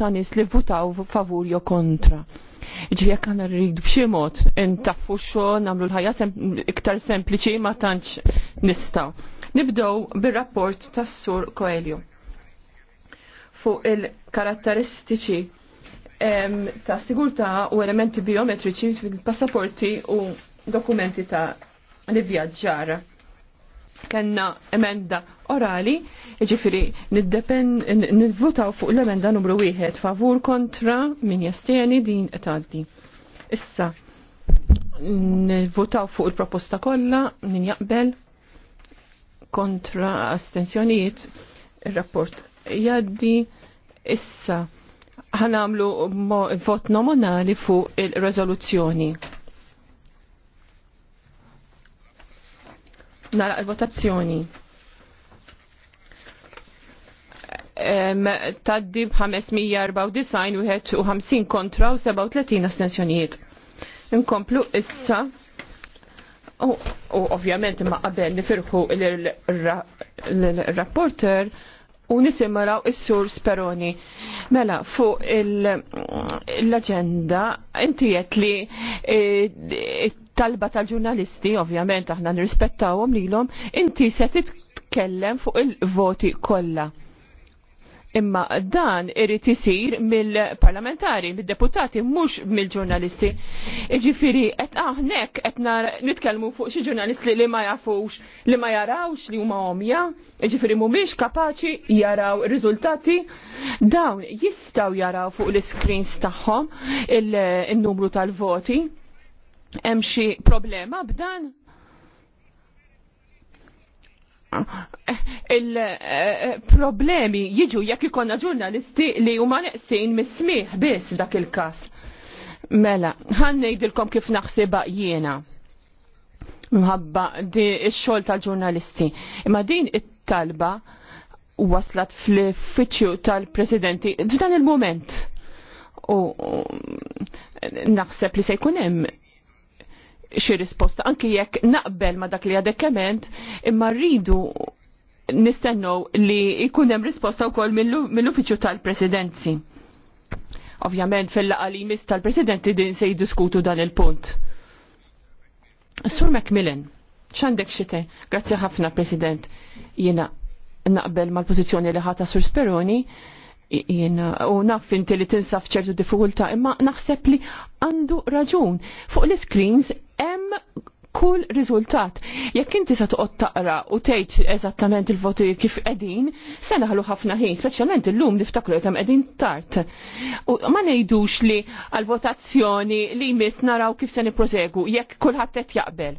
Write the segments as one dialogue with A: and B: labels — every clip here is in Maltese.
A: ta' nis li votaw favur jo kontra. Ġifi jekk għanna rridu b'xi mod intaffu xogħol nagħmlu l-ħajja sem iktar sempliċi ma tantx nistaw. Nibdew bir-rapport tas-sur Coelho fuq il-karatteristiċi ta' sigurtà u elementi biometriċi fil-passaporti u dokumenti ta' li vjaġġara kenna emenda orali, ġifiri nivvutaw fuq l-emenda numru wieħed favur kontra min jastieni din tgħaddi. Issa, nivvutaw fuq il-proposta kollha min jaqbel kontra astenzjonijiet? ir-rapport jaddi issa ħanamlu vot nominali fuq il-rezoluzzjoni. Nara il-votazzjoni. Taddi b'594 u 50 kontra u 37 astensjonijiet. Inkomplu issa u ovvjament ma qabel nifirħu l-rapporter u nisimraw is-sur Speroni. Mela, fuq l-agenda inti qed li eh, talba tal-ġurnalisti, ovvjament aħna nirrispettawhom lilhom, inti se titkellem fuq il-voti kollha. Imma dan irid isir mill-parlamentari, mid-deputati, mhux mill-ġurnalisti. Iġifieri qed aħnek qed nitkellmu fuq xi ġurnalisti li ma jafux, li ma jarawx li huma omja, jiġifieri mhumiex kapaċi jaraw ir-riżultati. Dawn jistgħu jaraw fuq l-iscreens tagħhom il-numru tal-voti Hemm xi problema b'dan? il-problemi jiġu jekk ikonna ġurnalisti li huma neqsin mis smih biss dak il-każ. Mela, ħan ngħidilkom kif naħsibha jiena. Mħabba di x-xogħol tal-ġurnalisti. Imma din it-talba waslat fl iffiċċju tal-presidenti f'dan il-moment. U naħseb li se jkun hemm xi risposta anki jekk naqbel ma dak li għadek kement imma rridu nistennew li jkun hemm risposta wkoll mill-uffiċċju tal-Presidenzi. Ovvjament fil li mis tal-Presidenti din se jiddiskutu dan il-punt. Sur Macmillan, x'għandek xite? Grazzi ħafna President. Jiena naqbel mal-pożizzjoni li ħata Sur Speroni jena u naf inti li tinsa ċertu diffikultà imma naħseb li għandu raġun. Fuq l-screens hemm kull riżultat. Jekk inti se toqgħod taqra u tgħid eżattament il-voti kif qegħdin, se naħlu ħafna ħin, speċjalment illum niftakru jekk hemm qegħdin tard. U ma ngħidux li għal-votazzjoni li jmiss naraw kif se nipprosegu jekk kulħadd qed jaqbel.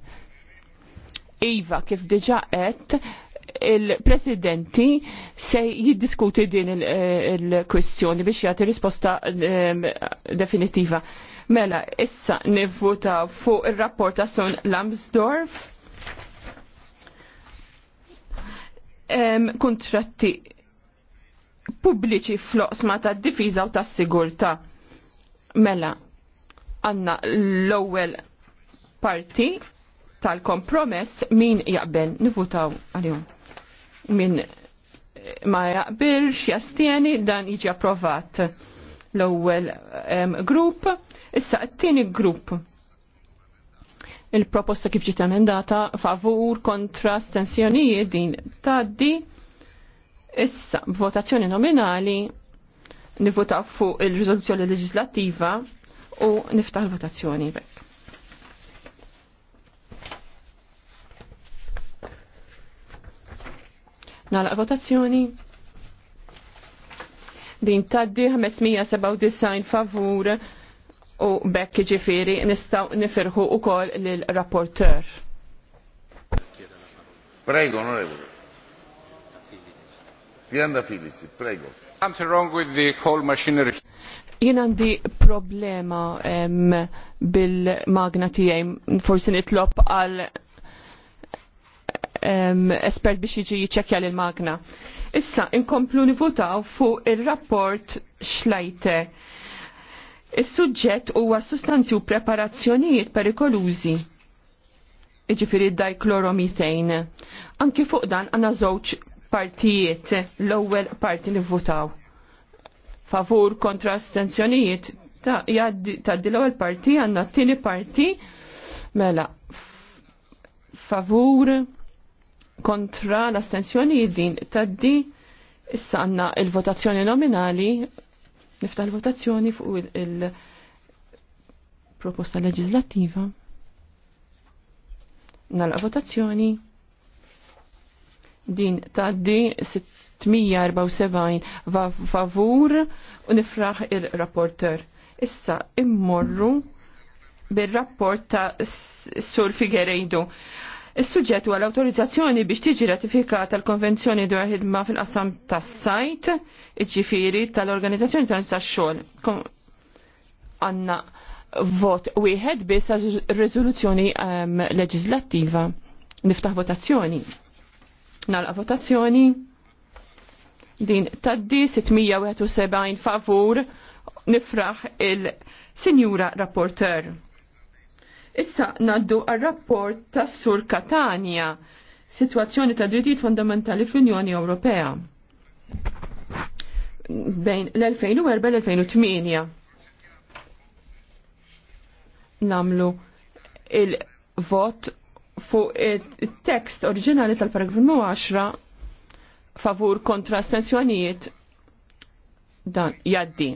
A: Iva, kif diġa qed, il-presidenti se jiddiskuti din eh, il-kwestjoni biex jagħti risposta ehm, definitiva. Mela, issa nivvuta fuq il-rapport ta' Son Lambsdorff. Um, ehm, kontratti pubbliċi floqsma ta' difiża u ta' sigurta. Mela, għanna l-ewwel parti tal-kompromess min jaqbel nivutaw għal-jum min ma jaqbilx jastieni dan jiġi approvat l-ewwel grupp, issa t-tieni grupp il-proposta kif ġiet emendata favur kontra stensjonijiet din taddi issa votazzjoni nominali nivvotaw fuq il-riżoluzzjoni leġislattiva u niftaħ il-votazzjoni bekk. Nalaq votazzjoni. Din taddi 597 favur u bekk ġifiri nistaw nifirħu u kol l-rapporter. Prego, onorevole. Fianda Filici, prego. Something wrong with the
B: whole machinery.
A: Jien għandi problema bil-magna tiegħi forsi nitlob għal espert biex jiġi jiċċekkja l magna Issa, inkomplu nivutaw fuq il-rapport xlajte. Is-suġġett huwa sustanzi u preparazzjonijiet perikolużi iġifiri dajkloromitejn. Anki fuq dan għanna żewġ partijiet l-ewwel parti li votaw. Favur kontra astenzjonijiet ta' jaddi ta' di l-ewwel parti għandna t-tieni parti mela favur kontra l-astensjoni din taddi issa għanna il-votazzjoni nominali nifta l-votazzjoni fuq il-proposta leġislativa nalqa votazzjoni din taddi 674 va favur u nifraħ il-rapporter issa immorru bil-rapport ta' Sur Figueiredo Is-suġġett huwa l-awtorizzazzjoni biex tiġi ratifikata l-Konvenzjoni dwar ħidma fil-qasam tas-sajt, iġifieri tal-Organizzazzjoni tax-xogħol. Għandna vot wieħed biss għal riżoluzzjoni ehm, leġislattiva. Niftaħ votazzjoni. Nalqa' votazzjoni. Din taddi 671 favur nifraħ il-Sinjura Rapporteur. Issa naddu għal-rapport tas sur Katania, situazzjoni ta' drittijiet fundamentali fl-Unjoni Ewropea. Bejn l-2004 l-2008 namlu il-vot fuq il-tekst oriġinali tal paragraf 10 favur kontra astensjonijiet dan jaddi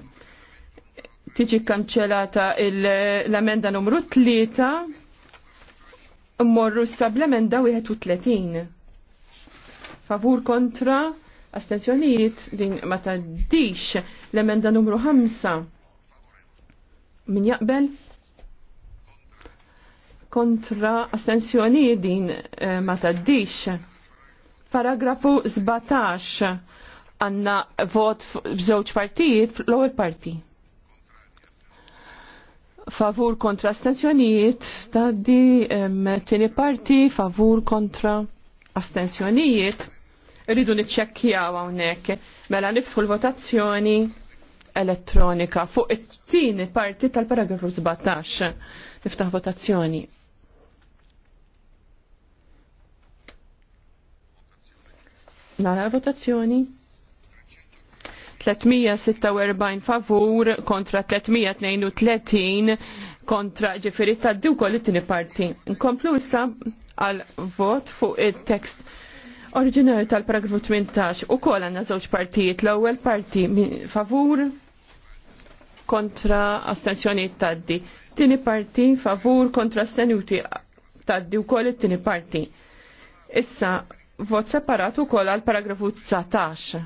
A: tiġi kanċelata l-amenda numru 3 mmorru s amenda 31. Favur kontra astenzjoniet, din ma taddix l-emenda numru 5. Min jaqbel? Kontra astenzjoniet, din eh, ma taddix. Paragrafu 17 għanna vot b'żewġ partijiet l-ewwel parti favur kontra astensjonijiet, di tini parti favur kontra astensjonijiet. Rridu niċċekkjaw hawnhekk. Mela niftħu l-votazzjoni elettronika fuq it-tieni parti tal-paragrafu 17. Niftaħ votazzjoni. Nara votazzjoni. 346 favur kontra 332 kontra ġifiri taddi u koll it-tini parti. Nkomplu issa għal vot fuq il-tekst oriġinali tal-paragrafu 18 u koll għanna żewġ partijiet. L-ewwel parti favur kontra astensjoni taddi. Tini parti favur kontra astenuti taddi u koll it-tini parti. Issa vot separatu koll għal paragrafu 19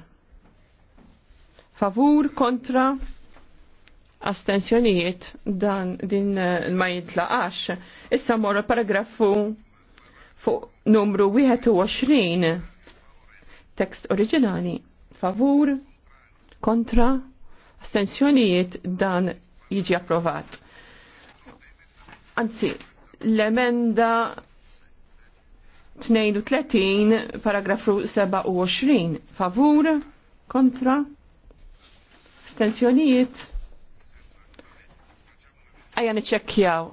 A: favur kontra astensjonijiet dan din eh, ma jitlaqax. Issa morra paragrafu fuq numru 21 tekst oriġinali favur kontra astensjonijiet dan jiġi approvat. Anzi, l-emenda 32 paragrafu 27 favur kontra astensjonijiet għajan niċċekkjaw.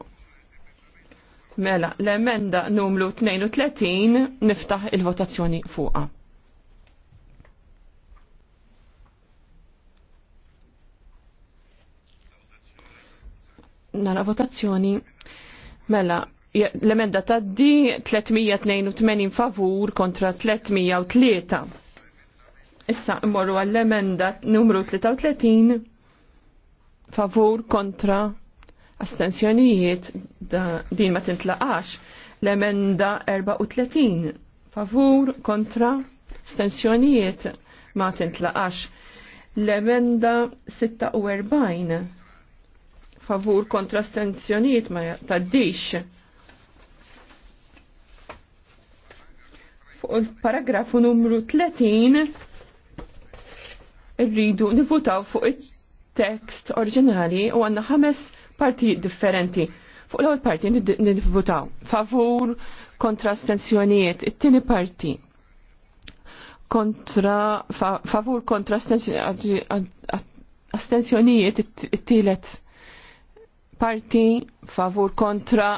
A: Mela, l-emenda numru 32 niftaħ il-votazzjoni fuqa. Nara votazzjoni. Mela, l-emenda taddi 382 favur kontra 303 Issa immorru għall-emenda numru 33 favur kontra astensjonijiet din ma tintlaqax l-emenda 34 favur kontra astensjonijiet ma tintlaqax l-emenda 46 favur kontra astensjonijiet ma taddix fuq il-paragrafu numru 30 rridu nivutaw fuq it-tekst oriġinali u għanna ħames partijiet differenti. Fuq l-ewwel parti nivutaw favur kontra stensjonijiet, it-tieni parti kontra favur kontra astensjonijiet it-tielet parti favur kontra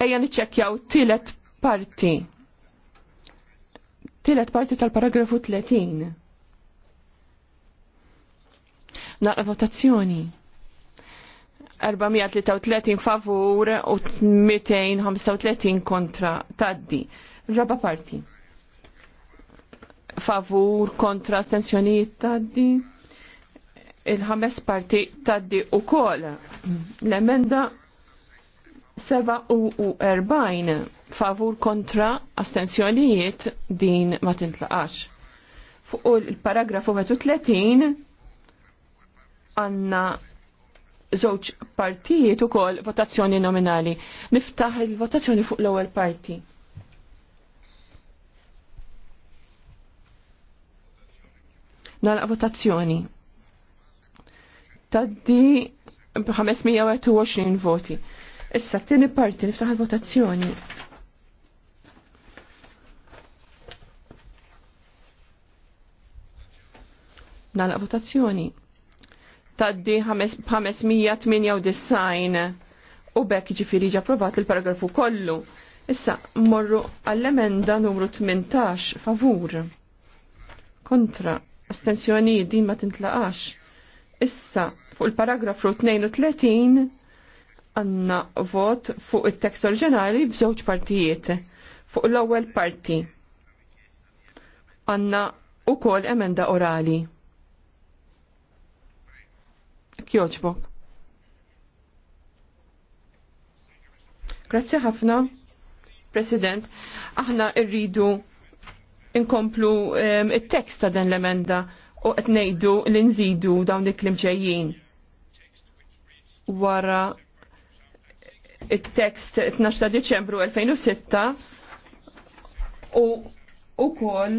A: ejja niċċekkjaw tielet parti. Tielet parti tal-paragrafu 30. Naqra votazzjoni. 433 favur u 235 kontra taddi. Raba parti. Favur kontra astensjonijiet taddi. Il-ħames parti taddi u kol. L-emenda 47 favur kontra astensjonijiet din ma tintlaqax. Fuq il-paragrafu 30 għanna żewġ partijiet ukoll votazzjoni nominali. Niftaħ il-votazzjoni fuq l-ewwel parti. Nalaq votazzjoni. Taddi 120 voti. Issa t-tieni parti niftaħ il-votazzjoni. Nalaq votazzjoni taddi 598 u bekk ġifiri approvat il-paragrafu kollu. Issa, morru għall-emenda numru 18, favur. Kontra, astensjoni din ma tintlaqax. Issa, fuq il-paragrafu 32, għanna vot fuq il-tekst oriġinali bżewġ partijiet. Fuq l-ewwel parti għanna u kol emenda orali jogħġbok. joġbok. Grazzi ħafna, President. Aħna rridu inkomplu um, il-tekst ta' dan l-emenda u qed ngħidu li nżidu dawn il-klim ġejjin. Wara il-tekst 12 ta' Deċembru 2006 u ukoll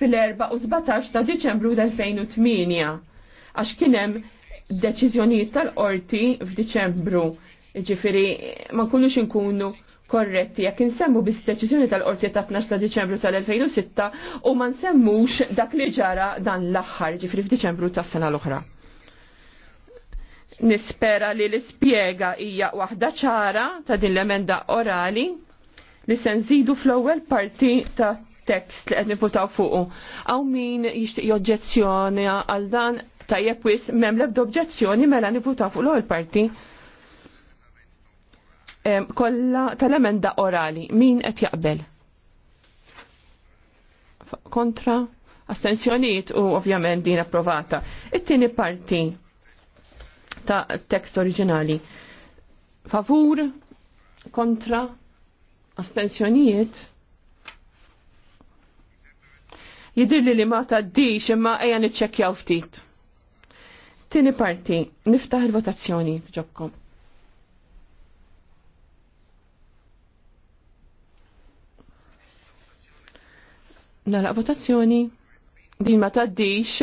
A: fil-4 u 17 ta' Deċembru 2008 għax kien hemm deċiżjonijiet tal-qorti f'Diċembru. Ġifiri, ma nkunux inkunu korretti jekk insemmu biss deċiżjoni tal-qorti ta' 12 ta' Diċembru tal-2006 u ma nsemmux dak li ġara dan l-aħħar ġifri f'Diċembru tas-sena l-oħra. Nispera li l-ispjega hija waħda ċara ta' din l-emenda orali li se nżidu fl-ewwel parti ta' tekst li qed nifutaw fuqu. Hawn min jixtieq joġġezzjoni għal dan Tajjeb wis mem l-ebda obġezzjoni mela nivuta fuq l-ewwel parti Kolla tal-emenda orali. Min qed jaqbel? Kontra? Astenzjoniet u ovvjament din approvata. It-tieni parti ta' tekst oriġinali. Favur, kontra, Astenzjoniet? Jidir li li ma ta' di imma ejja nitċekjaw ftit. Tini parti, niftaħ il-votazzjoni ġobkom. Nalaq votazzjoni din ma taddix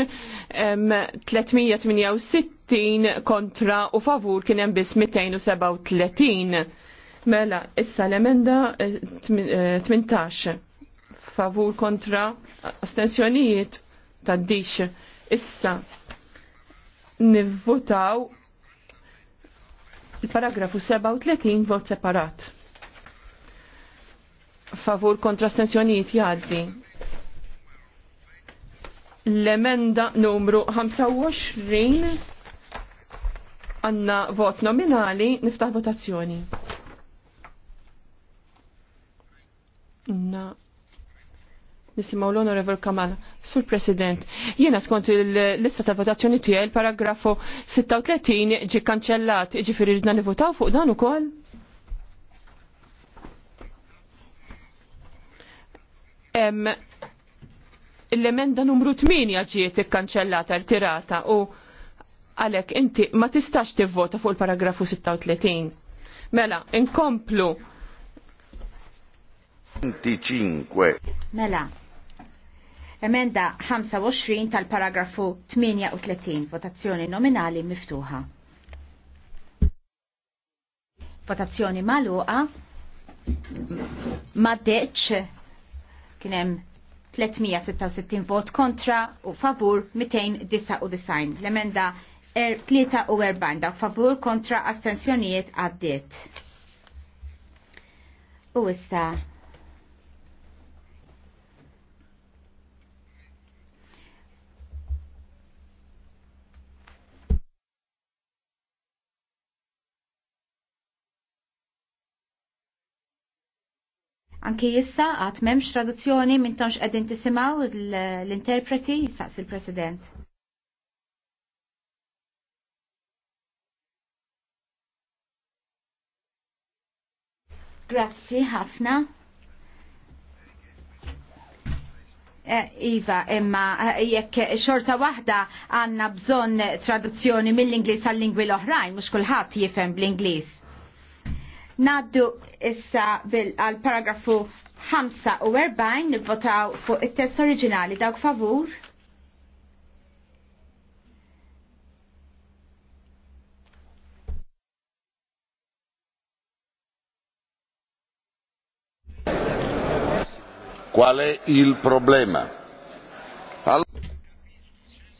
A: 368 kontra u favur kien hemm biss 237. Mela, issa l-emenda 18 eh, eh, favur kontra astensjonijiet taddix issa nivvotaw il-paragrafu 37 vot separat. Favur kontra stenzjonijiet jgħaddi. L-emenda numru 25 għanna vot nominali niftaħ votazzjoni. Na. No. Nisimaw l-Onorevol Kamal. Sur President, jiena skont l lista ta' votazzjoni tiegħi il-paragrafu 36 ġi kanċellat, jiġifieri ridna nivutaw fuq dan ukoll? l-emenda numru 8 ġiet ikkanċellata, rtirata u għalek inti ma tistax tivvota fuq il-paragrafu 36. Mela,
B: inkomplu. 25. Mela, Emenda 25 tal-paragrafu 38, votazzjoni nominali miftuħa. Votazzjoni maluqa, maddeċ, kienem 366 vot kontra u favur 299. L-emenda 43 da favur kontra astensjonijiet għaddiet. U issa Anki jissa għat memx traduzzjoni minn tonx għedin tisimaw l-interpreti jissaqs il-President. Grazzi ħafna. Eh, iva, imma eh, jekk xorta waħda għanna bżon traduzzjoni mill-Inglis għall-lingwi l-oħrajn, mux kullħat jifem bl-Inglis. Naddu issa bil paragrafu 45 nivvotaw fuq it-test oriġinali dawk favur.
A: Qual è il problema? Allora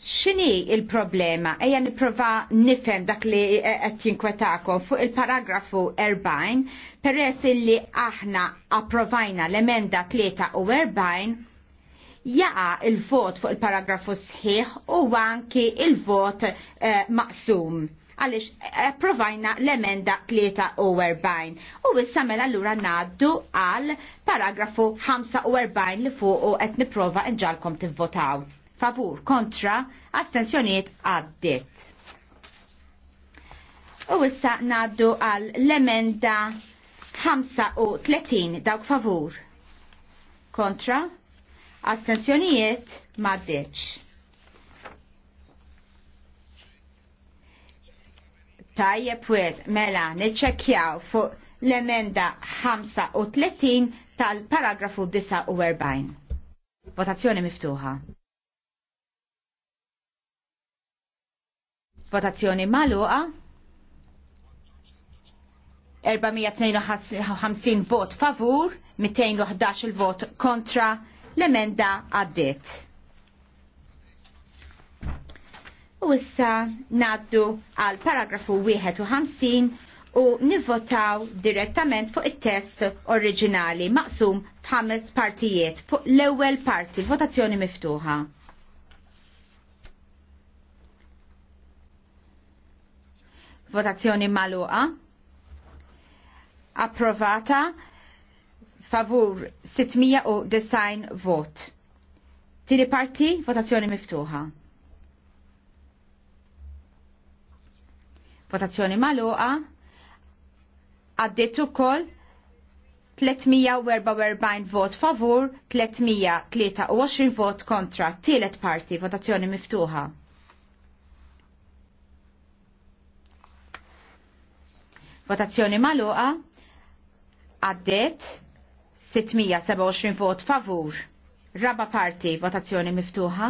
B: xini il-problema? Ejja niprofa nifem dak li qed jinkwetakom fuq il-paragrafu 40 peress illi aħna approvajna l-emenda 43 jaqa il-vot fuq il-paragrafu sħiħ u anki il-vot eh, maqsum għalix eh, approvajna l-emenda 43 u issa mela allura naddu għal paragrafu 45 li fuq u qed niprofa nġalkom tivvotaw favur kontra astensjoniet għaddit. U issa naddu għal l-emenda 35 dawk favur. Kontra astensjonijiet maddeċ. Tajjeb wez mela niċċekkjaw fuq l-emenda 35 tal-paragrafu 49. Votazzjoni miftuħa. Votazzjoni maluqa. 452 vot favur, 211 il-vot kontra, l-emenda għaddit. U issa naddu għal paragrafu 51 u nivvotaw direttament fuq it-test oriġinali maqsum f'ħames partijiet fuq l-ewwel parti votazzjoni miftuħa. Votazzjoni maluqa. Approvata favur 609 vot. Tini parti, votazzjoni miftuħa. Votazzjoni maluqa. Għaddit ukoll 344 vot favur, 323 vot kontra. Tielet parti, votazzjoni miftuħa. Votazzjoni maluqa għaddet 627 vot favur. Raba parti, votazzjoni miftuħa.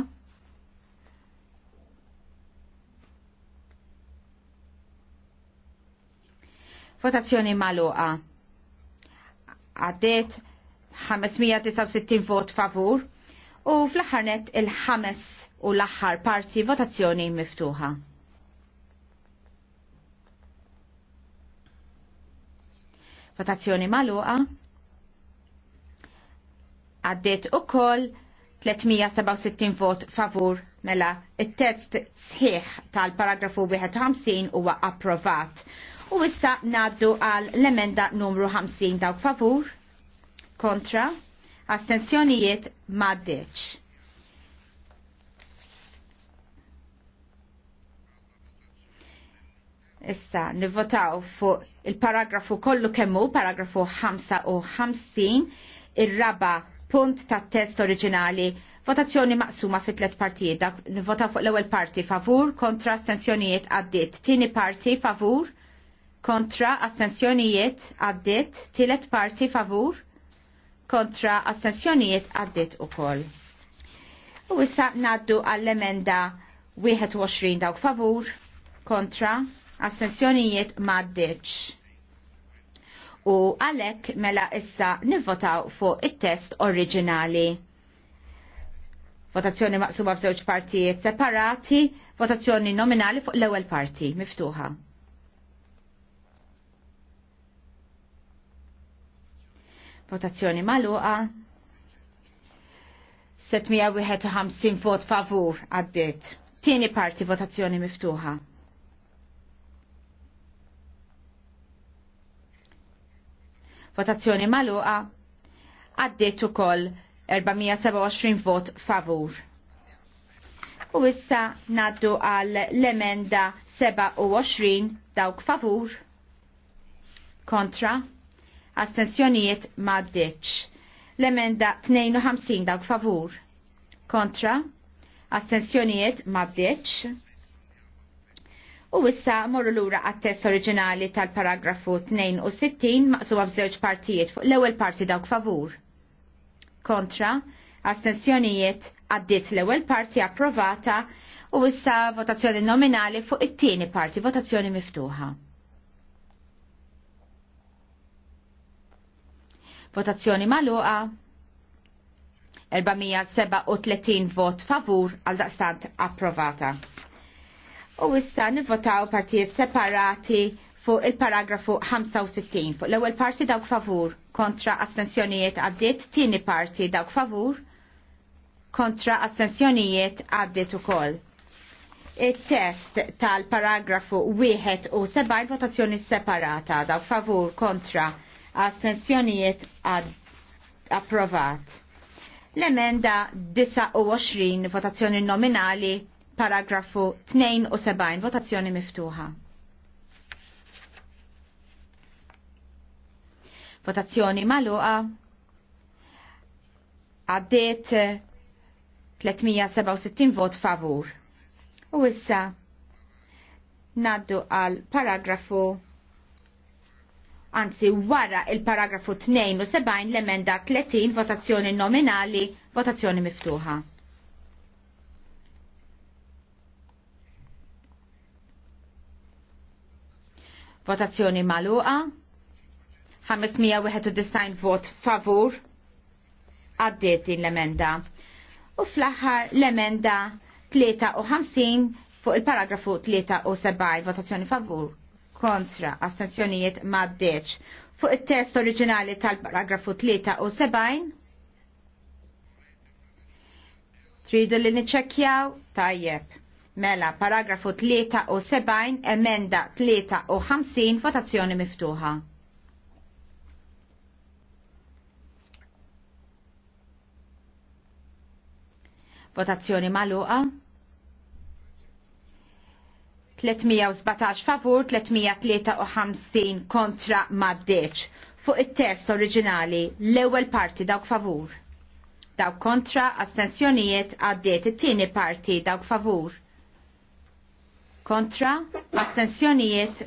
B: Votazzjoni maluqa għaddet 569 vot favur u fl-ħarnet il-ħames u l-aħħar parti votazzjoni miftuħa. Votazzjoni maluqa. Għaddit u koll 367 vot favur mela il-test sħiħ tal-paragrafu 51 huwa approvat. U issa naddu għal l-emenda numru 50 dawk favur kontra astensjonijiet maddeċ. Issa, nivvotaw fuq il-paragrafu kollu kemmu, paragrafu 55, il-raba punt ta' test oriġinali, votazzjoni maqsuma fit tlet partijiet, dak nivvotaw fuq l-ewel parti favur, kontra astensjonijiet għaddit, tini parti favur, kontra astensjonijiet għaddit, tilet parti favur, kontra astensjonijiet għaddit u koll. U issa naddu għall-emenda 21 dawk favur, kontra Assenzjonijiet maddeċ. U għalek mela issa nivvotaw fuq it-test oriġinali. Votazzjoni maqsuba f'żewġ partijiet separati, votazzjoni nominali fuq l-ewwel parti miftuħa. votazzjoni maluqa. 751 vot favur għaddit. Tieni parti votazzjoni miftuħa. Votazzjoni maluqa għaddiet ukoll 427 vot favur. U issa naddu għal l-emenda 27 dawk favur kontra astensjonijiet ma L-emenda 52 dawk favur kontra astensjonijiet ma U issa morru lura għat-test oriġinali tal-paragrafu 62 maqsuwa f'żewġ partijiet fuq l-ewwel parti dawk favur. Kontra, astensjonijiet għaddiet l-ewwel parti approvata u issa votazzjoni nominali fuq it-tieni parti, votazzjoni miftuħa. Votazzjoni maluqa 437 vot favur għal daqstant approvata. U issa nivvotaw partijiet separati fuq il-paragrafu 65 fuq l-ewwel parti dawk favur kontra assenzjonijiet għaddit, tieni parti dawk favur kontra astensjonijiet għaddiet ukoll. Il-test tal-paragrafu 1 u 7 votazzjoni separata dawk favur kontra assenzjonijiet approvat. L-emenda 29 votazzjoni nominali paragrafu 72, votazzjoni miftuħa. Votazzjoni maluqa għaddiet 367 vot favur. U issa naddu għal paragrafu anzi wara il-paragrafu 72 l-emenda 30 votazzjoni nominali, votazzjoni miftuħa. Votazzjoni maluqa. 591 vot favur. Għaddiet din l-emenda. U fl-aħħar l-emenda 53 fuq il-paragrafu 73 votazzjoni favur kontra astenzjonijiet maddeċ. Fuq il-test oriġinali tal-paragrafu 73 Tridu li niċċekkjaw? Tajjeb. Mela, paragrafu 73, emenda 53, votazzjoni miftuħa. Votazzjoni maluqa. 317 favur, 353 kontra maddeċ. Fuq it-test oriġinali, l-ewwel parti dawk favur. Dawk kontra, astensjonijiet għaddiet it-tieni parti dawk favur kontra, astensjonijiet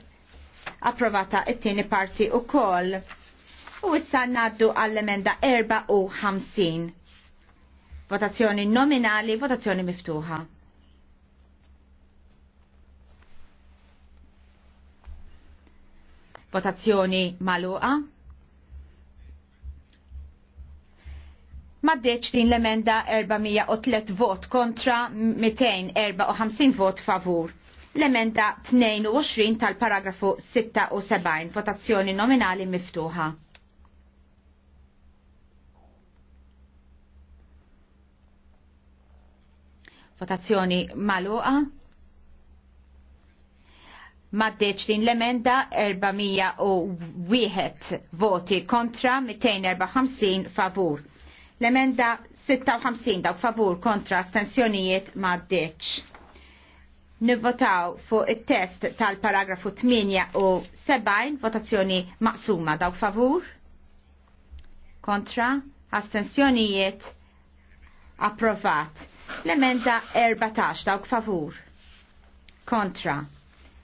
B: approvata it-tieni parti u koll. U issa naddu għall-emenda 54. Votazzjoni nominali, votazzjoni miftuħa. Votazzjoni maluqa. Maddeċ din l-emenda 403 vot kontra 254 vot favur l-emenda 22 tal-paragrafu 76, votazzjoni nominali miftuħa. Votazzjoni maluqa. Maddeċ din l-emenda 401 voti kontra 254 favur. L-emenda 56 dawk favur kontra astensjonijiet maddeċ nivvotaw fuq it-test tal-paragrafu 8 u 7, votazzjoni maqsuma daw favur kontra astensjonijiet approvat l-emenda 14 dawk favur kontra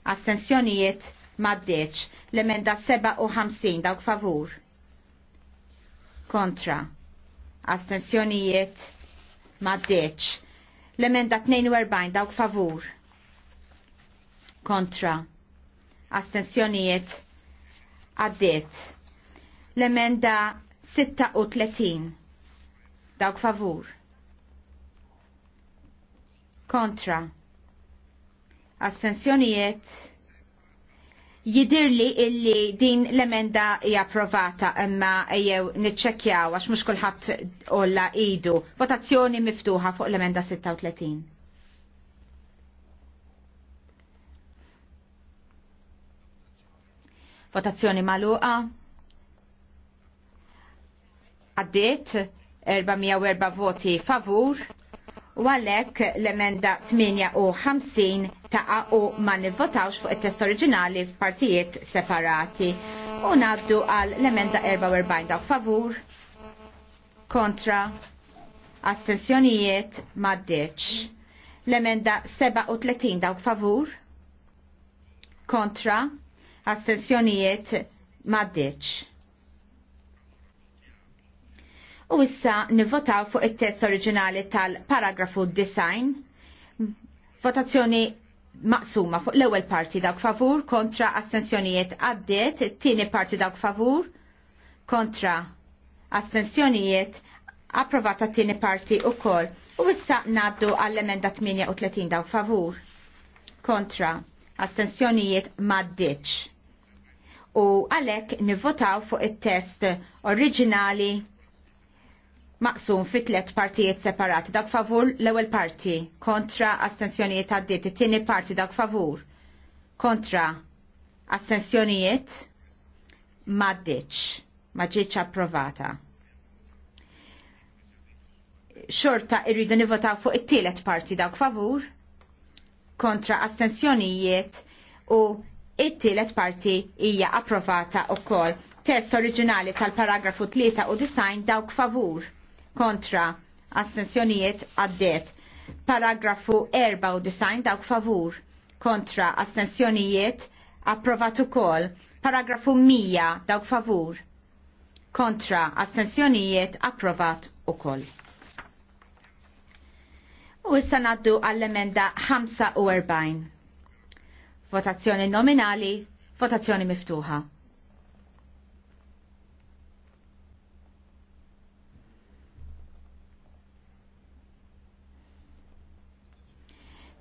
B: astensjonijiet maddeċ l-emenda 57 dawk favur kontra astensjonijiet maddeċ l-emenda 42 dawk favur kontra astensjonijiet għaddiet. L-emenda 36 dawk favur kontra astensjonijiet jidirli illi din l-emenda hija approvata imma jew niċċekkjaw għax mhux kulħadd olla idu. Votazzjoni miftuħa fuq l-emenda 36. Votazzjoni maluqa. Għaddiet 404 voti favur u għalek l-emenda 58 ta' u ma nivvotawx fuq il-test oriġinali f'partijiet separati. U naddu għal l-emenda 44 dawk favur kontra astensjonijiet maddeċ. L-emenda 37 dawk favur kontra astensjonijiet maddeċ. U issa nivvotaw fuq it-test oriġinali tal-paragrafu design. Votazzjoni maqsuma fuq l-ewwel parti dawk favur kontra astensjonijiet għaddiet, it-tieni parti dawk favur kontra astensjonijiet approvata t-tieni parti u kol. U issa naddu għall-emenda 38 dawk favur kontra astensjonijiet maddiċ u għalek nivvotaw fuq it-test oriġinali maqsum fi tlet partijiet separati dak favur l-ewwel parti kontra astensjonijiet għaddiet it-tieni parti dak favur kontra astensjonijiet maddiċ, ma ġietx approvata. Xorta irridu nivvotaw fuq it-tielet parti dak favur kontra astensjonijiet u it-tielet parti hija approvata wkoll. Test oriġinali tal-paragrafu 3 u design dawk favur kontra astensjonijiet għaddiet. Paragrafu 4 u design dawk favur kontra astensjonijiet approvat ukoll. Paragrafu 100 dawk favur kontra astensjonijiet approvat ukoll. U issa naddu għall-emenda 45. Votazzjoni nominali, votazzjoni miftuħa.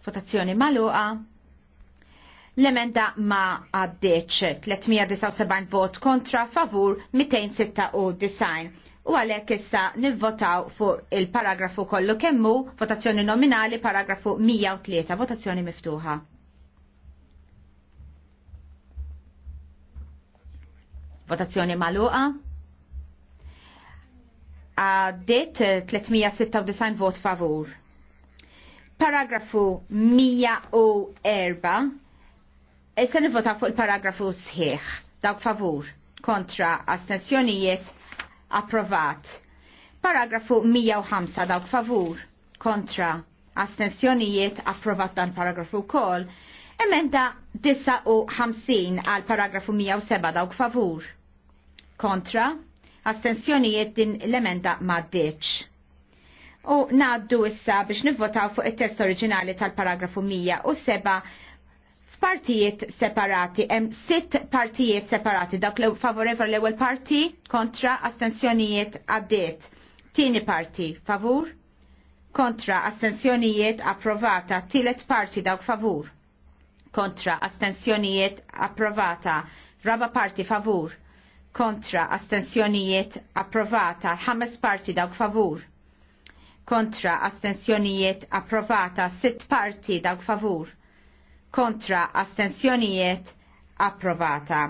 B: votazzjoni maluqa. L-emenda ma għaddeċ 379 vot kontra favur 296 u għalek issa nivvotaw fuq il-paragrafu kollu kemmu votazzjoni nominali paragrafu 103 votazzjoni miftuħa. Votazzjoni maluqa. Għaddit 396 eh, vot favur. Paragrafu 104. Issa e nivvota fuq il-paragrafu sħiħ. Dawk favur. Kontra astensjonijiet approvat. Paragrafu 105 dawk favur. Kontra astensjonijiet approvat dan paragrafu kol Emenda 59 għal paragrafu 107 dawk favur. Kontra, astensjonijiet din l-emenda maddeċ. U naddu issa biex nivvotaw fuq it-test oriġinali tal-paragrafu 107 f'partijiet separati, hemm sitt partijiet separati, dawk le favorevoli l-ewwel parti kontra astensjonijiet għaddiet. Tieni parti favur? Kontra astensjonijiet approvata, tielet parti dawk favur kontra astensjonijiet approvata. Raba parti favur kontra astensjonijiet approvata. Ħames parti dawk favur kontra astensjonijiet approvata. Sitt parti dawk favur kontra astensjonijiet approvata.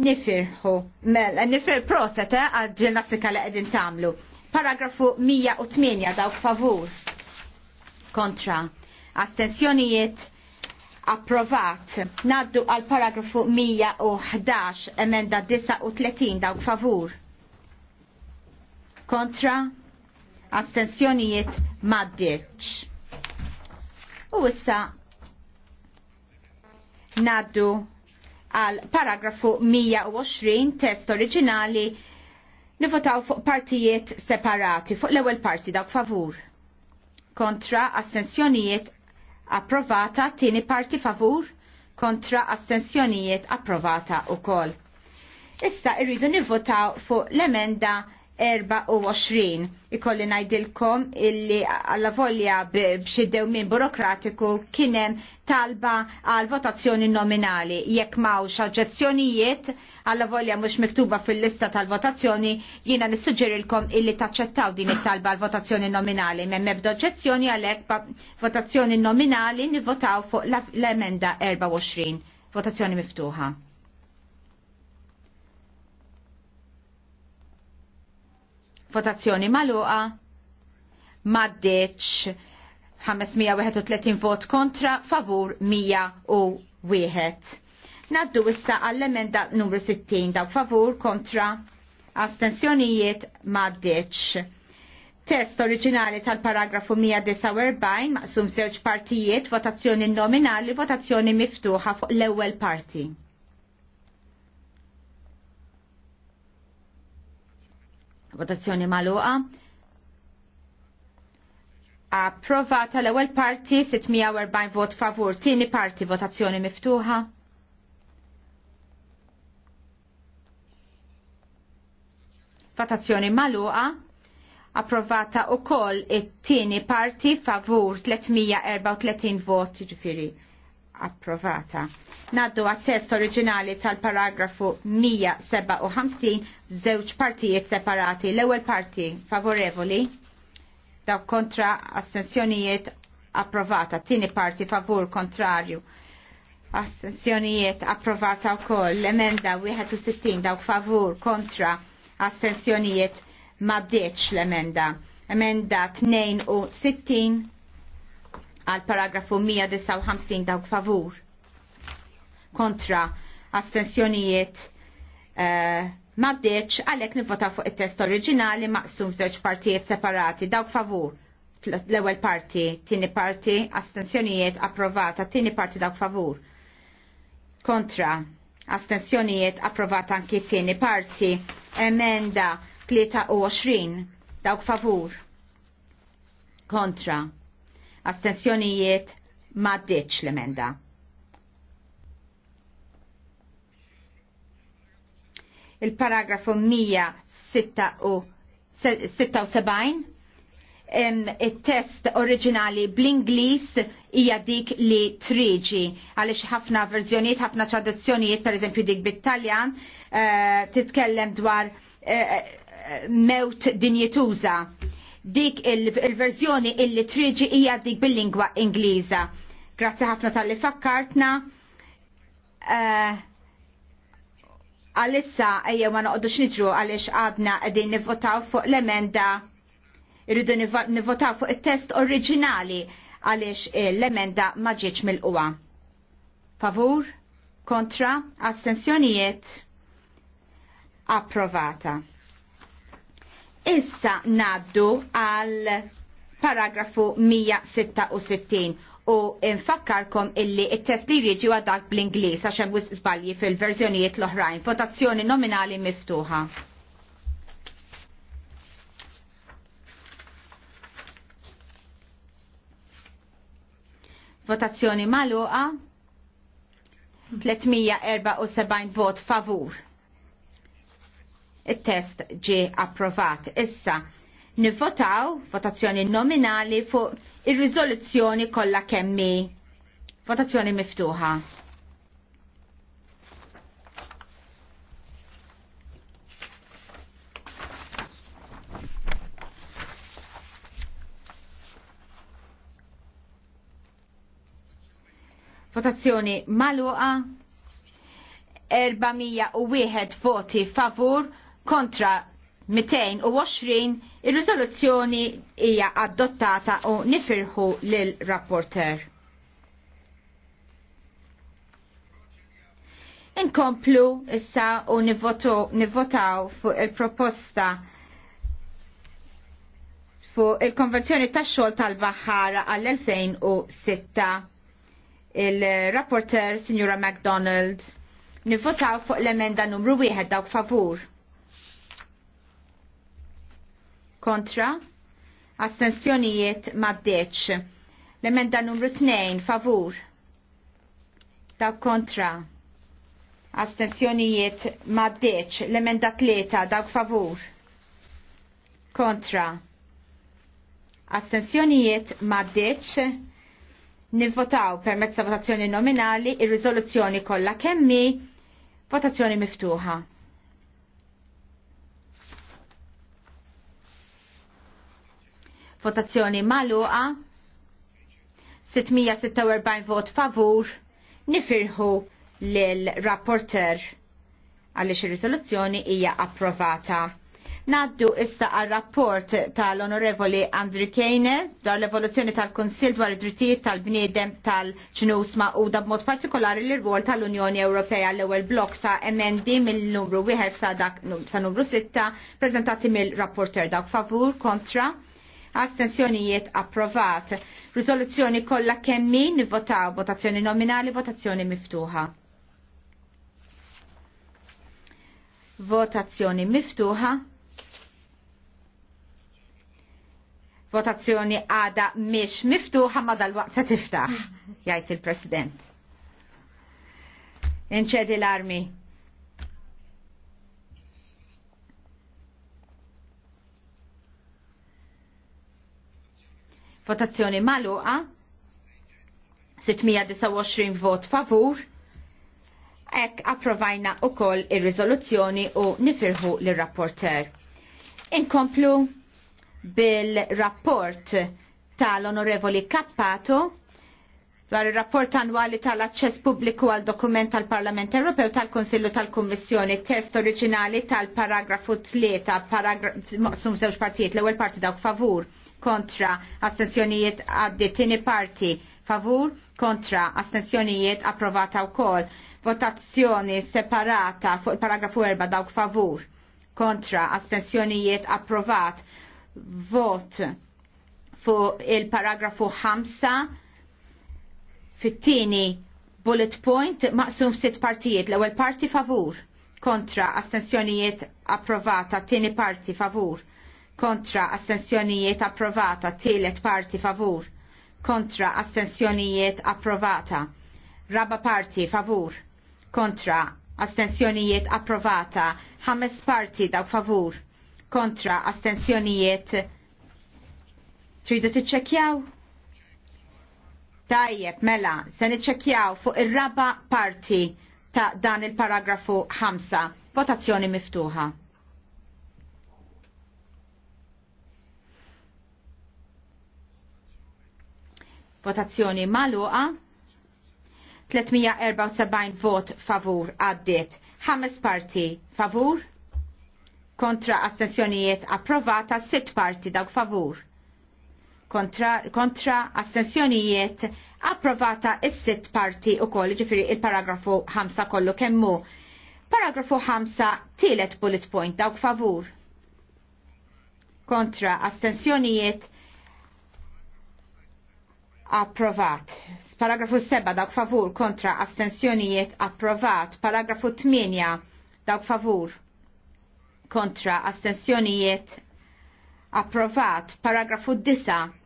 B: Nifirħu, mela, eh, nifir proset eh, għal ġurnastika li qegħdin tagħmlu. Paragrafu 108 dawk favur kontra astensjonijiet approvat. Naddu għal paragrafu 111 emenda 39 dawk favur. Kontra astensjonijiet maddiċ. U issa naddu għal paragrafu 120 test oriġinali nivotaw fuq partijiet separati fuq l-ewwel parti dawk favur. Kontra astensjonijiet approvata, tieni parti favur, kontra astensjonijiet approvata u kol. Issa irridu nivvotaw fuq l-emenda 24. Ikolli najdilkom illi għalla volja bxiddew minn burokratiku kienem talba għal votazzjoni nominali. Jekk mawx oġġezzjonijiet għalla volja mux miktuba fil-lista tal-votazzjoni, jina nissuġġerilkom illi taċċettaw din it-talba għal votazzjoni nominali. Mem mebda oġġezzjoni għalek votazzjoni nominali nivvotaw fuq l-emenda 24. Votazzjoni miftuħa. Votazzjoni maluqa maddeċ 531 vot kontra, favur 101. Naddu issa għall-emenda numru 60 daw favur kontra astensjonijiet maddeċ. Test oriġinali tal-paragrafu 149 maqsum żewġ partijiet, votazzjoni nominali, votazzjoni miftuħa fuq l-ewwel parti. Votazzjoni maluqa. Approvata l-ewwel parti 640 vot favur, tini parti votazzjoni miftuħa. Votazzjoni maluqa. Approvata koll it-tieni parti favur 334 vot ġifiri approvata. Naddu għat-test oriġinali tal-paragrafu 157 f'żewġ partijiet separati. L-ewwel parti favorevoli daw kontra astensjonijiet approvata. Tini parti favur kontrarju. Astensjonijiet approvata wkoll. L-emenda 61 daw favur kontra astensjonijiet maddeċ l-emenda. Emenda 62 għal paragrafu 159 dawk favur kontra astensjonijiet uh, maddeċ għalek nivvota fuq il-test oriġinali maqsum żewġ partijiet separati dawk favur l-ewwel parti, tieni parti, astensjonijiet approvata, tieni parti dawk favur. Kontra, astensjonijiet approvata anki tini parti, emenda 23 dawk favur. Kontra, astensjonijiet ma ditx l-emenda. Il-paragrafu 176 il-test oriġinali bl-Inglis hija dik li triġi għaliex ħafna verżjonijiet, ħafna traduzzjonijiet, per eżempju dik bit-Taljan, eh, titkellem dwar eh, eh, mewt dinjetuża dik il-verżjoni il illi triġi hija dik bil-lingwa Ingliża. Grazzi ħafna tal-li fakkartna. Eh, għalissa uh, ejja ma noqgħodux nidru għaliex għadna qegħdin nivvotaw fuq l-emenda irridu nivvotaw fuq it-test oriġinali għaliex l-emenda ma ġietx qwa Favur, kontra, astensjonijiet, approvata. Issa naddu għal paragrafu 166 u infakkarkom illi il-test li rieġi għadak bl-Inglis għax hemm wisq żbalji fil-verżjonijiet l-oħrajn. Votazzjoni nominali miftuħa. Votazzjoni maluqa. 374 vot favur. Il-test ġi approvat. Issa, nivvotaw votazzjoni nominali fuq ir-riżoluzzjoni kollha kemmi. Votazzjoni miftuħa. Votazzjoni maluqa 401 voti favur kontra 220 ir-riżoluzzjoni hija adottata u nifirħu lil rapporter. Inkomplu issa u nivvotaw fuq il-proposta fuq il-Konvenzjoni tax xogħol tal-Bahara għall-2006. Il-rapporter Signora MacDonald nivotaw fuq l-emenda numru 1 dawk favur kontra, astensjonijiet maddeċ. L-emenda numru 2, favur, Ta' kontra, astensjonijiet maddeċ. L-emenda 3, daw favur, kontra, astensjonijiet maddeċ. Nivvotaw permezz ta' votazzjoni nominali ir-riżoluzzjoni kollha kemmi votazzjoni miftuħa. Votazzjoni maluqa. 646 vot favur. Nifirħu lil rapporter għalix il-risoluzzjoni hija approvata. Naddu issa għal rapport tal-Onorevoli Andri Kejne dwar l-evoluzzjoni tal-Konsil dwar id-drittijiet tal-bniedem tal-ċnus da b'mod partikolari l-irwol tal-Unjoni Ewropea l-ewwel blok ta' emendi mill-numru 1 sa' dak sa' numru 6 preżentati mill-rapporter dak favur kontra astensjonijiet approvat. Risoluzzjoni kollha kemm min votaw votazzjoni nominali, votazzjoni miftuħa. Votazzjoni miftuħa. Votazzjoni għada miex miftuħa ma dal-waqt se tiftaħ, jgħid il-President. Inċedi l-armi. Votazzjoni maluqa. 629 vot favur. Ek approvajna u koll il-rizoluzzjoni u nifirħu l-rapporter. Inkomplu bil-rapport tal-Onorevoli Kappato dwar ir-rapport annwali tal-aċċess pubbliku għal dokument tal-Parlament Ewropew tal-Konsillu tal-Kummissjoni, test oriġinali tal-paragrafu 3, paragraf, maqsum żewġ partijiet, l-ewwel parti dawk favur, kontra, astensjonijiet għaddi, tieni parti, favur, kontra, astensjonijiet approvata wkoll, votazzjoni separata fuq il-paragrafu 4 dawk favur, kontra, astensjonijiet approvat, vot fuq il-paragrafu 5 Fit-tieni bullet point maqsum sitt partijiet. L-ewwel parti favur kontra astensjonijiet approvata, tieni parti favur kontra astensjonijiet approvata, tielet parti favur kontra astensjonijiet approvata, raba parti favur kontra astensjonijiet approvata, ħames parti daw favur kontra astensjonijiet tridu t-ċekjaw? Tajjeb, mela, se niċċekjaw fuq ir-raba parti ta' dan il-paragrafu 5. Votazzjoni miftuħa. Votazzjoni maluqa. 374 vot favur għaddiet. Ħames parti favur. Kontra astensjonijiet approvata sitt parti dawk favur kontra, kontra astensjonijiet approvata is-sitt parti u koll ġifiri il-paragrafu 5 kollu kemmu. Paragrafu 5 tielet bullet point dawk favur. Kontra astensjonijiet approvat. Paragrafu 7 dawk favur kontra astensjonijiet approvat. Paragrafu 8 dawk favur kontra astensjonijiet approvat. Paragrafu 9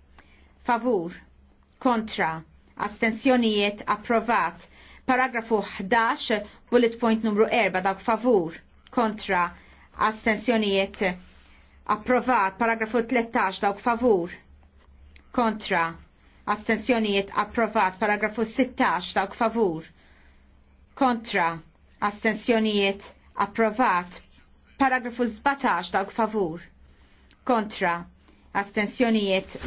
B: favur, kontra, astensjonijiet approvat. Paragrafu 11, bullet point numru 4, dawk favur, kontra, astensjonijiet approvat. Paragrafu 13, dawk favur, kontra, astensjonijiet approvat. Paragrafu 16, dawk favur, kontra, astensjonijiet approvat. Paragrafu 17, dawk favur, kontra, astensjonijiet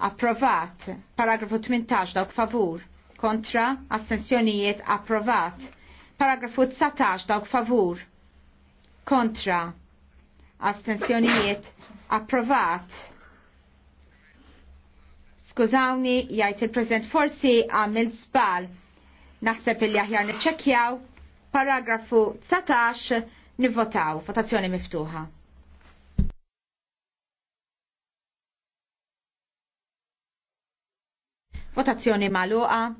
B: approvat. Paragrafu 18 dawk favur kontra astensjonijiet approvat. Paragrafu 19 dawk favur kontra astensjonijiet approvat. Skużawni, jgħid il-President forsi għamil zbal. Naħseb il aħjar neċekjaw. paragrafu 19 nivvotaw, votazzjoni miftuħa. Votazzjoni maluqa.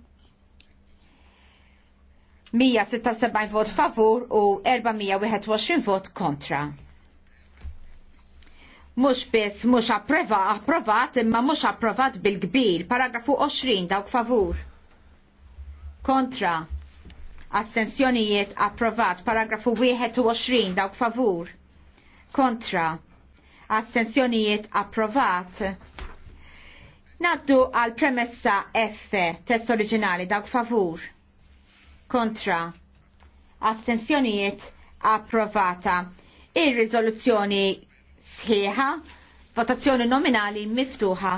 B: 176 vot favur u 421 vot kontra. Mux biss mux approva, approvat imma mux approvat bil-kbir. Paragrafu 20 dawk favur. Kontra. assenzjonijiet approvat. Paragrafu 21 dawk favur. Kontra. assenzjonijiet approvat Naddu għal premessa F, test oriġinali, dawk favur. Kontra. Astensjonijiet approvata. Ir-riżoluzzjoni sħiħa, votazzjoni nominali miftuħa.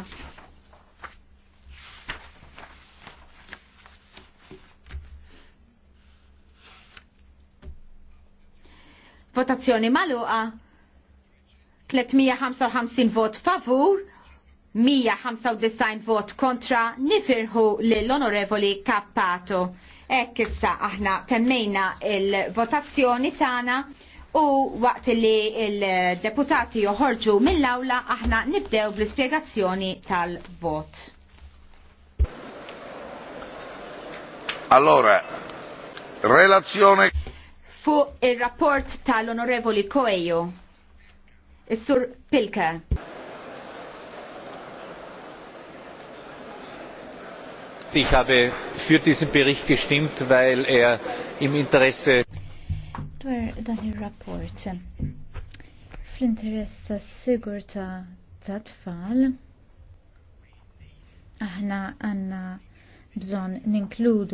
B: votazzjoni maluqa 355 vot favur, 195 vot kontra nifirħu l-onorevoli Kappato. Ekk issa aħna temmejna il-votazzjoni tagħna u waqt li il-deputati joħorġu mill-awla aħna nibdew bl-ispjegazzjoni tal-vot.
A: Allora, relazione
B: fu il rapport tal-onorevoli Coelho. Is-sur Pilke. Ich habe für diesen Bericht gestimmt, weil er im Interesse dwar dan ir-rapport. Fl-interess tas-sigurtà tat-tfal aħna għandna bżonn ninkludu